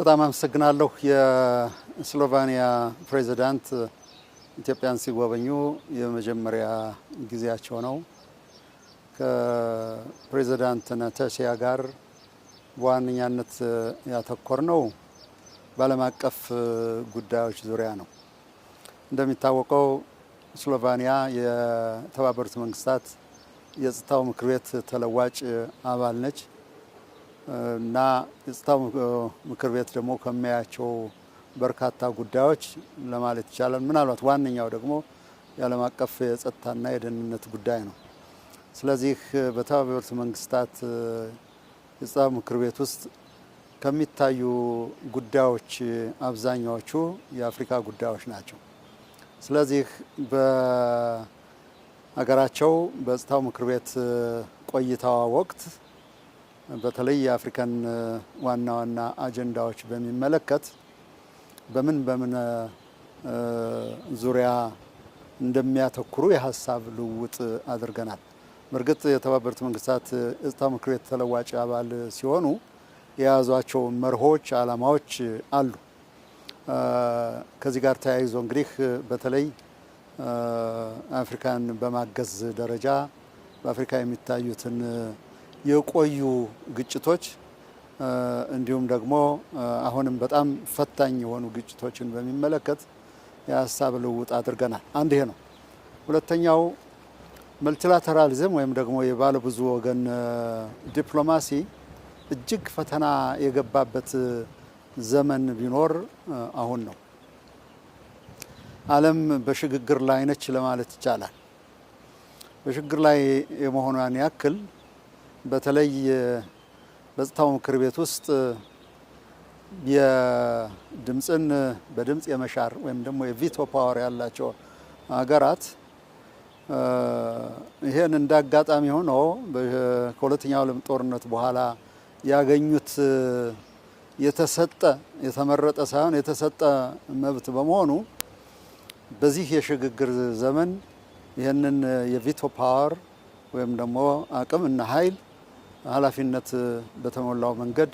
በጣም አመሰግናለሁ። የስሎቬኒያ ፕሬዚዳንት ኢትዮጵያን ሲጎበኙ የመጀመሪያ ጊዜያቸው ነው። ከፕሬዚዳንት ነተሲያ ጋር በዋነኛነት ያተኮር ነው በዓለም አቀፍ ጉዳዮች ዙሪያ ነው። እንደሚታወቀው ስሎቬኒያ የተባበሩት መንግስታት የጸጥታው ምክር ቤት ተለዋጭ አባል ነች። እና የጸጥታ ምክር ቤት ደግሞ ከሚያያቸው በርካታ ጉዳዮች ለማለት ይቻላል። ምናልባት ዋነኛው ደግሞ የዓለም አቀፍ የጸጥታና የደህንነት ጉዳይ ነው። ስለዚህ በተባበሩት መንግስታት የጸጥታ ምክር ቤት ውስጥ ከሚታዩ ጉዳዮች አብዛኛዎቹ የአፍሪካ ጉዳዮች ናቸው። ስለዚህ በሀገራቸው በጸጥታው ምክር ቤት ቆይታዋ ወቅት በተለይ የአፍሪካን ዋና ዋና አጀንዳዎች በሚመለከት በምን በምን ዙሪያ እንደሚያተኩሩ የሀሳብ ልውውጥ አድርገናል። በእርግጥ የተባበሩት መንግስታት የጸጥታ ምክር ቤት ተለዋጭ አባል ሲሆኑ የያዟቸው መርሆች፣ አላማዎች አሉ። ከዚህ ጋር ተያይዞ እንግዲህ በተለይ አፍሪካን በማገዝ ደረጃ በአፍሪካ የሚታዩትን የቆዩ ግጭቶች እንዲሁም ደግሞ አሁንም በጣም ፈታኝ የሆኑ ግጭቶችን በሚመለከት የሀሳብ ልውውጥ አድርገናል። አንድ ይሄ ነው። ሁለተኛው መልቲላተራሊዝም ወይም ደግሞ የባለብዙ ወገን ዲፕሎማሲ እጅግ ፈተና የገባበት ዘመን ቢኖር አሁን ነው። ዓለም በሽግግር ላይ ነች ለማለት ይቻላል። በሽግግር ላይ የመሆኗን ያክል በተለይ በጽታው ምክር ቤት ውስጥ የድምፅን በድምፅ የመሻር ወይም ደግሞ የቪቶ ፓወር ያላቸው ሀገራት ይሄን እንደ አጋጣሚ ሆኖ ከሁለተኛው ዓለም ጦርነት በኋላ ያገኙት የተሰጠ የተመረጠ ሳይሆን የተሰጠ መብት በመሆኑ በዚህ የሽግግር ዘመን ይህንን የቪቶ ፓወር ወይም ደግሞ አቅም እና ኃይል ኃላፊነት በተሞላው መንገድ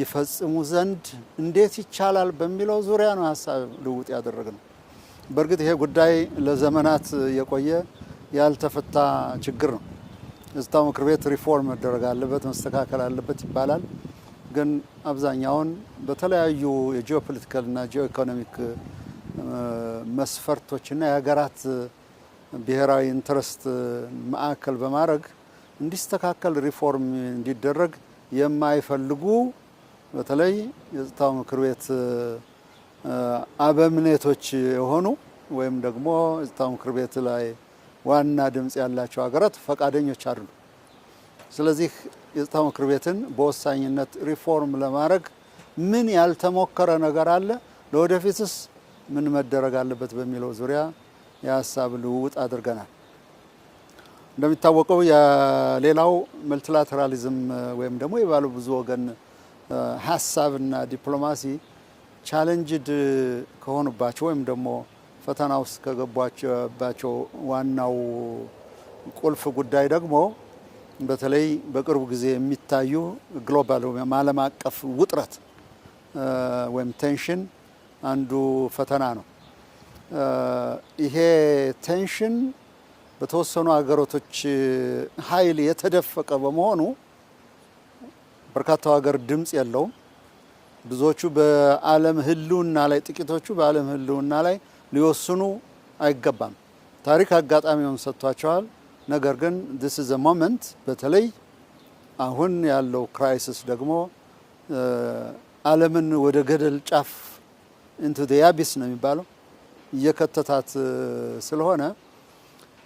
ይፈጽሙ ዘንድ እንዴት ይቻላል በሚለው ዙሪያ ነው ሀሳብ ልውጥ ያደረግ ነው። በእርግጥ ይሄ ጉዳይ ለዘመናት የቆየ ያልተፈታ ችግር ነው። የጸጥታው ምክር ቤት ሪፎርም መደረግ አለበት፣ መስተካከል አለበት ይባላል። ግን አብዛኛውን በተለያዩ የጂኦ ፖለቲካል እና ጂኦ ኢኮኖሚክ መስፈርቶችና የሀገራት ብሔራዊ ኢንትረስት ማዕከል በማድረግ እንዲስተካከል ሪፎርም እንዲደረግ የማይፈልጉ በተለይ የጸጥታው ምክር ቤት አበምኔቶች የሆኑ ወይም ደግሞ የጸጥታው ምክር ቤት ላይ ዋና ድምፅ ያላቸው ሀገራት ፈቃደኞች አሉ። ስለዚህ የጸጥታው ምክር ቤትን በወሳኝነት ሪፎርም ለማድረግ ምን ያልተሞከረ ነገር አለ፣ ለወደፊትስ ምን መደረግ አለበት በሚለው ዙሪያ የሀሳብ ልውውጥ አድርገናል። እንደሚታወቀው የሌላው መልቲላተራሊዝም uh, ወይም ደግሞ የባለ ብዙ ወገን uh, ሀሳብና ዲፕሎማሲ ቻለንጅድ uh, ከሆኑባቸው ወይም ደግሞ ፈተና ውስጥ ከገቧባቸው ዋናው ቁልፍ ጉዳይ ደግሞ በተለይ በቅርቡ ጊዜ የሚታዩ ግሎባል ወይም ዓለም አቀፍ ውጥረት ወይም ቴንሽን አንዱ ፈተና ነው። ይሄ ቴንሽን በተወሰኑ ሀገሮቶች ኃይል የተደፈቀ በመሆኑ በርካታው ሀገር ድምፅ የለውም። ብዙዎቹ በዓለም ህልውና ላይ ጥቂቶቹ በዓለም ህልውና ላይ ሊወስኑ አይገባም። ታሪክ አጋጣሚውን ሰጥቷቸዋል። ነገር ግን ዲስ ዘ ሞመንት በተለይ አሁን ያለው ክራይሲስ ደግሞ ዓለምን ወደ ገደል ጫፍ ኢንቱ ዲያቢስ ነው የሚባለው እየከተታት ስለሆነ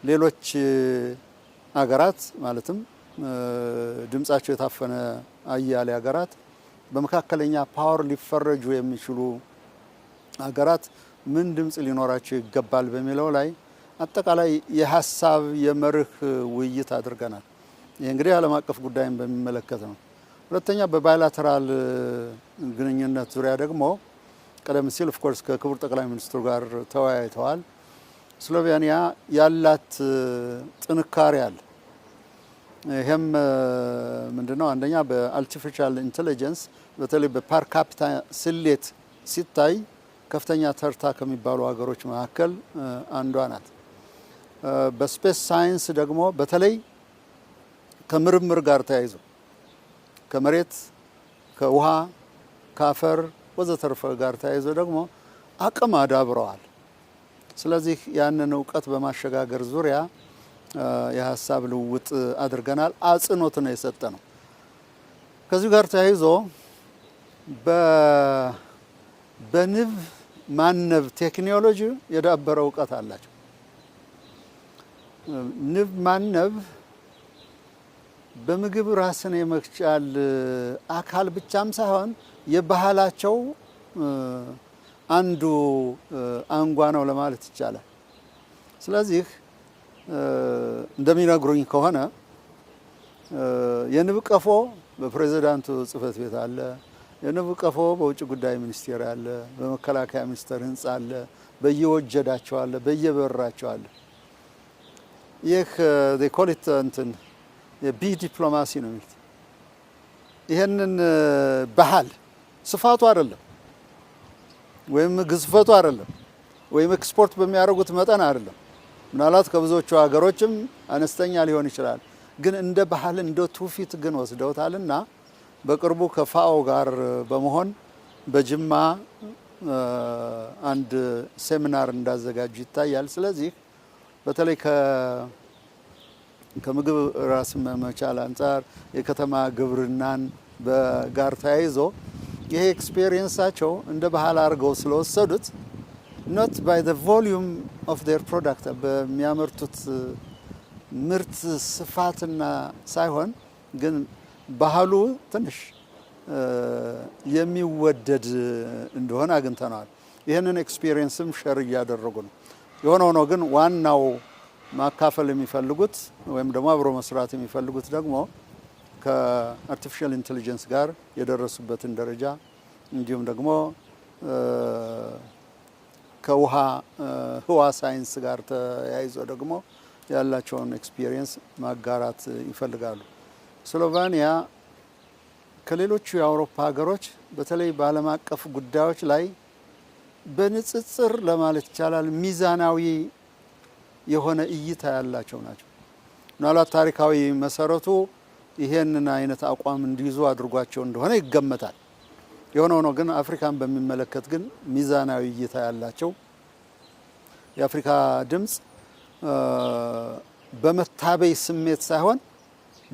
ሌሎች አገራት ማለትም ድምጻቸው የታፈነ አያሌ ሀገራት በመካከለኛ ፓወር ሊፈረጁ የሚችሉ ሀገራት ምን ድምጽ ሊኖራቸው ይገባል በሚለው ላይ አጠቃላይ የሀሳብ የመርህ ውይይት አድርገናል። ይህ እንግዲህ ዓለም አቀፍ ጉዳይን በሚመለከት ነው። ሁለተኛ በባይላተራል ግንኙነት ዙሪያ ደግሞ ቀደም ሲል ኦፍኮርስ ከክቡር ጠቅላይ ሚኒስትሩ ጋር ተወያይተዋል። ስሎቬኒያ ያላት ጥንካሬ አለ። ይህም ምንድነው? አንደኛ በአርቲፊሻል ኢንቴሊጀንስ በተለይ በፓር ካፒታ ስሌት ሲታይ ከፍተኛ ተርታ ከሚባሉ ሀገሮች መካከል አንዷ ናት። በስፔስ ሳይንስ ደግሞ በተለይ ከምርምር ጋር ተያይዞ ከመሬት፣ ከውሃ፣ ከአፈር ወዘተርፈ ጋር ተያይዞ ደግሞ አቅም አዳብረዋል። ስለዚህ ያንን እውቀት በማሸጋገር ዙሪያ የሀሳብ ልውውጥ አድርገናል። አጽንኦት ነው የሰጠ ነው። ከዚሁ ጋር ተያይዞ በንብ ማነብ ቴክኖሎጂ የዳበረ እውቀት አላቸው። ንብ ማነብ በምግብ ራስን የመቻል አካል ብቻም ሳይሆን የባህላቸው አንዱ አንጓ ነው ለማለት ይቻላል። ስለዚህ እንደሚነግሩኝ ከሆነ የንብ ቀፎ በፕሬዝዳንቱ ጽህፈት ቤት አለ። የንብ ቀፎ በውጭ ጉዳይ ሚኒስቴር አለ፣ በመከላከያ ሚኒስቴር ህንጻ አለ፣ በየወጀዳቸው አለ፣ በየበራቸው አለ። ይህ ኮሊት እንትን የቢ ዲፕሎማሲ ነው የሚሉት ይህንን ባህል ስፋቱ አይደለም ወይም ግዝፈቱ አይደለም፣ ወይም ኤክስፖርት በሚያደርጉት መጠን አይደለም። ምናልባት ከብዙዎቹ ሀገሮችም አነስተኛ ሊሆን ይችላል። ግን እንደ ባህል እንደ ትውፊት ግን ወስደውታልና በቅርቡ ከፋኦ ጋር በመሆን በጅማ አንድ ሴሚናር እንዳዘጋጁ ይታያል። ስለዚህ በተለይ ከምግብ ራስን መቻል አንጻር የከተማ ግብርናን ጋር ተያይዞ ይሄ ኤክስፔሪየንሳቸው እንደ ባህል አድርገው ስለወሰዱት ኖት ባይ ዘ ቮሊዩም ኦፍ ዴር ፕሮዳክት በሚያመርቱት ምርት ስፋትና ሳይሆን ግን ባህሉ ትንሽ የሚወደድ እንደሆነ አግኝተነዋል። ይህንን ኤክስፒሪየንስም ሸር እያደረጉ ነው። የሆነ ሆኖ ግን ዋናው ማካፈል የሚፈልጉት ወይም ደግሞ አብሮ መስራት የሚፈልጉት ደግሞ ከአርቲፊሻል ኢንቴሊጀንስ ጋር የደረሱበትን ደረጃ እንዲሁም ደግሞ ከውሃ ህዋ ሳይንስ ጋር ተያይዞ ደግሞ ያላቸውን ኤክስፒሪየንስ ማጋራት ይፈልጋሉ። ስሎቫኒያ ከሌሎቹ የአውሮፓ ሀገሮች በተለይ በዓለም አቀፍ ጉዳዮች ላይ በንጽጽር ለማለት ይቻላል ሚዛናዊ የሆነ እይታ ያላቸው ናቸው። ምናልባት ታሪካዊ መሰረቱ ይሄንን አይነት አቋም እንዲይዙ አድርጓቸው እንደሆነ ይገመታል። የሆነ ሆኖ ግን አፍሪካን በሚመለከት ግን ሚዛናዊ እይታ ያላቸው የአፍሪካ ድምፅ በመታበይ ስሜት ሳይሆን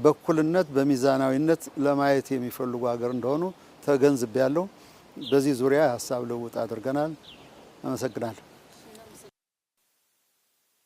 በእኩልነት በሚዛናዊነት ለማየት የሚፈልጉ ሀገር እንደሆኑ ተገንዝቤ ያለው። በዚህ ዙሪያ ሀሳብ ልውውጥ አድርገናል። አመሰግናለሁ።